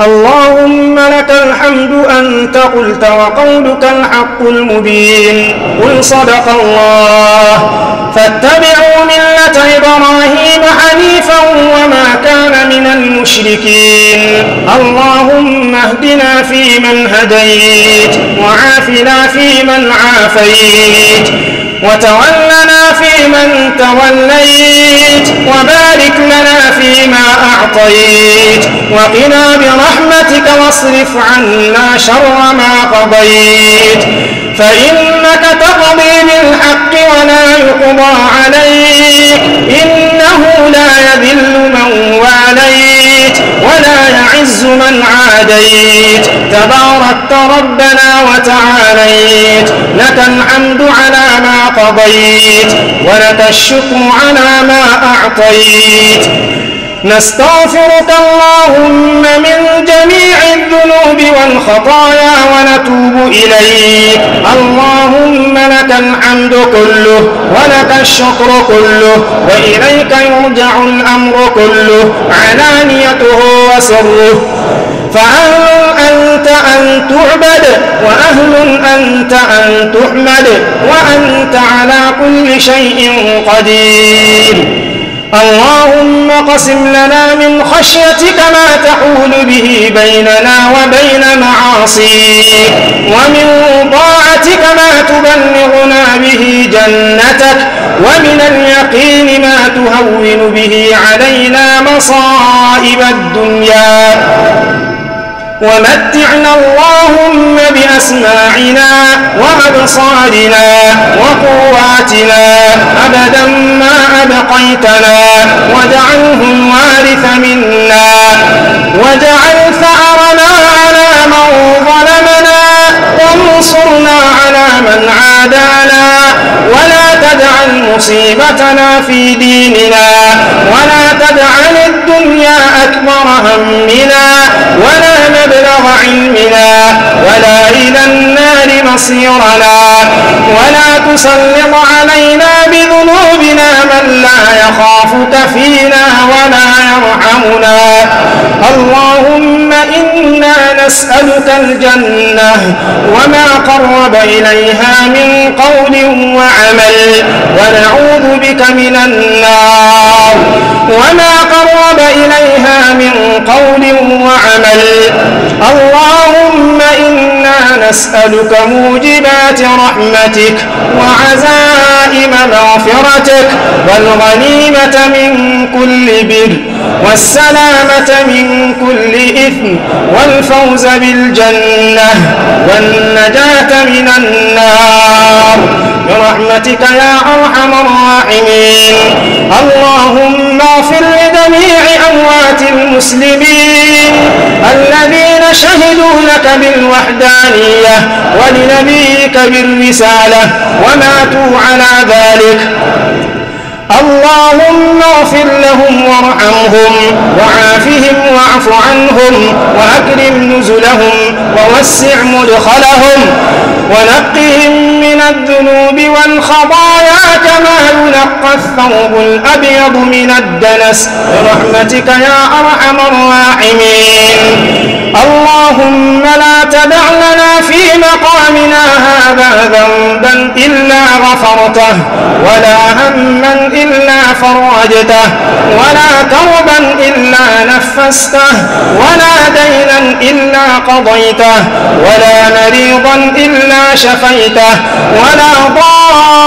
اللهم لك الحمد أنت قلت وقولك الحق المبين قل صدق الله فاتبعوا ملة إبراهيم حنيفا وما كان من المشركين اللهم اهدنا فيمن هديت وعافنا فيمن عافيت وتولنا فيمن توليت وبارك لنا فيما أعطيت وقنا برحمتك واصرف عنا شر ما قضيت فإنك تقضي بالحق ولا يقضى عليك إنه لا يذل من واليت ولا يعز من عاديت تباركت ربنا وتعاليت لك الحمد على ما قضيت ولك الشكر على ما أعطيت نستغفرك اللهم من جميع الذنوب والخطايا ونتوب إليك اللهم لك الحمد كله ولك الشكر كله وإليك يرجع الأمر كله علانيته وسره فأهل أنت أن تعبد وأهل أنت أن تحمد وأنت على كل شيء قدير اللهم قسم لنا من خشيتك ما تحول به بيننا وبين معاصيك ومن طاعتك ما تبلغنا به جنتك ومن اليقين ما تهون به علينا مصائب الدنيا ومتعنا اللهم بأسماعنا وأبصارنا وقواتنا أبدا أعطيتنا وجعلهم وارث منا وجعل ثأرنا على من ظلمنا وانصرنا على من عادانا ولا تجعل مصيبتنا في ديننا ولا تجعل الدنيا أكبر همنا ولا مبلغ علمنا ولا إلى النار مصيرنا ولا تسلط علينا بذنوبنا من لا يخافك فينا ولا يرحمنا اللهم إنا نسألك الجنة وما قرب إليها من قول وعمل ونعوذ بك من النار وما قرب إليها من قول وعمل اللهم نسألك موجبات رحمتك وعزائم مغفرتك والغنيمة من كل بر والسلامة من كل إثم والفوز بالجنة والنجاة من النار برحمتك يا أرحم الراحمين اللهم اغفر لجميع أموات المسلمين الذين بالوحدانية ولنبيك بالرسالة وماتوا على ذلك اللهم اغفر لهم وارحمهم وعافهم واعف عنهم وأكرم نزلهم ووسع مدخلهم ونقهم من الذنوب والخطايا كما ينقى الثوب الأبيض من الدنس برحمتك يا أرحم الراحمين اللهم لا تدع لنا في مقامنا هذا ذنبا إلا غفرته ولا هما إلا فرجته ولا كربا إلا نفسته ولا دينا إلا قضيته ولا مريضا إلا شفيته ولا ضارا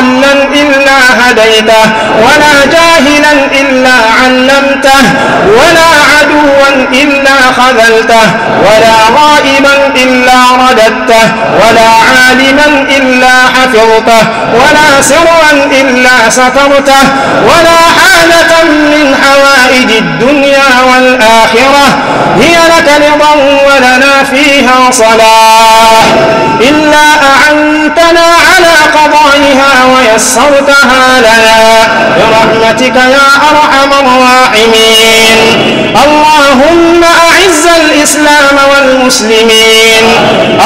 ضالا إلا هديته ولا جاهلا إلا علمته ولا عدوا إلا خذلته ولا غائبا إلا رددته ولا عالما إلا حفظته ولا سرا إلا سترته ولا حالة من حوائج الدنيا والآخرة هي لك رضا ولنا فيها صلاح إلا أعنتنا على قضائها يسرتها لنا برحمتك يا أرحم الراحمين اللهم أعز الإسلام والمسلمين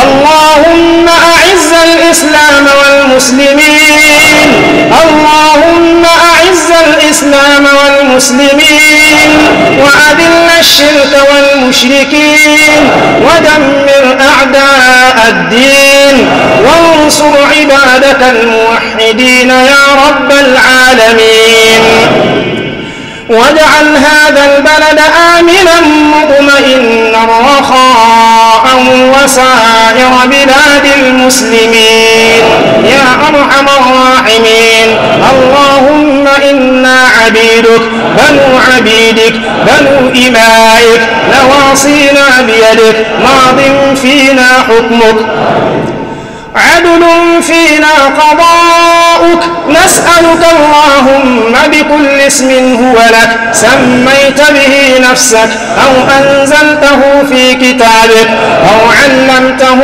اللهم أعز الإسلام والمسلمين اللهم المسلمين وأذل الشرك والمشركين ودمر أعداء الدين وانصر عبادك الموحدين يا رب العالمين واجعل هذا البلد آمنا مطمئنا رخاء ومصر وسائر بلاد المسلمين يا أرحم الراحمين اللهم إنا عبيدك بنو عبيدك بنو إمائك نواصينا بيدك ماض فينا حكمك عدل فينا قضاؤك نسألك اللهم بكل اسم هو لك سميت به نفسك أو أنزلته في كتابك أو علمته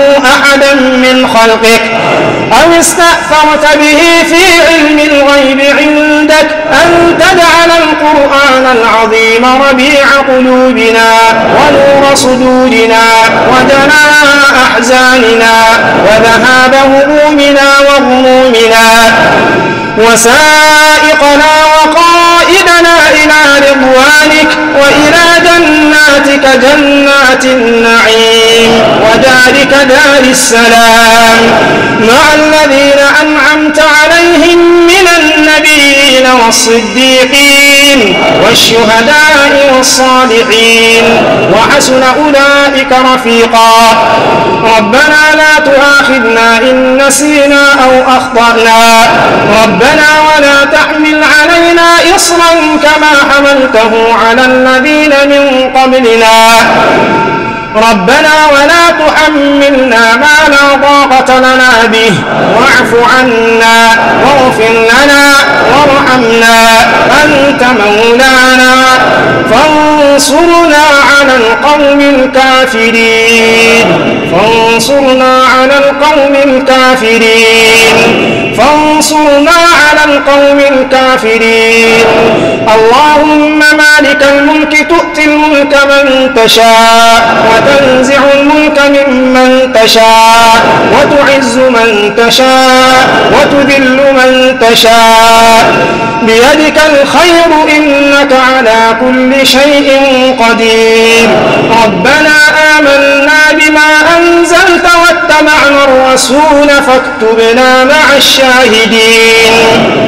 أحدا من خلقك أو استأثرت به في علم الغيب عندك أن تجعل القرآن العظيم ربيع قلوبنا ونور صدورنا ودناء أحزاننا وذهاب همومنا وغمومنا وسائقنا وقائدنا إلى رضوانك وإلى جنة جناتك جنات النعيم وذلك دار السلام مع الذين أنعمت عليهم من والنبيين والصديقين والشهداء والصالحين وحسن أولئك رفيقا ربنا لا تؤاخذنا إن نسينا أو أخطأنا ربنا ولا تحمل علينا إصرا كما حملته على الذين من قبلنا ربنا ولا تحملنا ما لا طاقة لنا به واعف عنا واغفر لنا ارحمنا أنت مولانا فانصرنا على القوم الكافرين فانصرنا على القوم الكافرين فانصرنا على القوم الكافرين اللهم مالك الملك تؤتي الملك من تشاء وتنزع الملك ممن تشاء وتعز من تشاء وتذل من تشاء بيدك الخير إنك على كل شيء قدير ربنا آمنا بما أنزلت واتبعنا الرسول فاكتبنا مع الشيء الشاهدين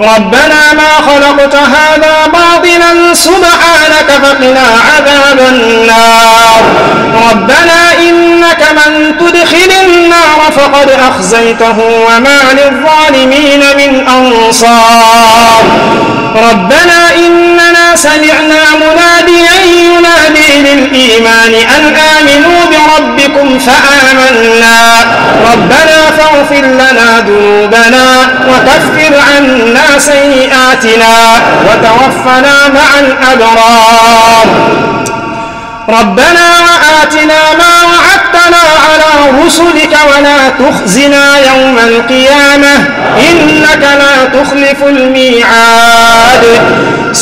ربنا ما خلقت هذا باطلا سبحانك فقنا عذاب النار ربنا إنك من تدخل النار فقد أخزيته وما للظالمين من أنصار ربنا إننا سمعنا مناديا ينادي للإيمان أن آمنوا بربكم فآمنا ربنا واغفر لنا ذنوبنا وكفر عنا سيئاتنا وتوفنا مع الأبرار ربنا وآتنا ما وعدتنا على رسلك ولا تخزنا يوم القيامة إنك لا تخلف الميعاد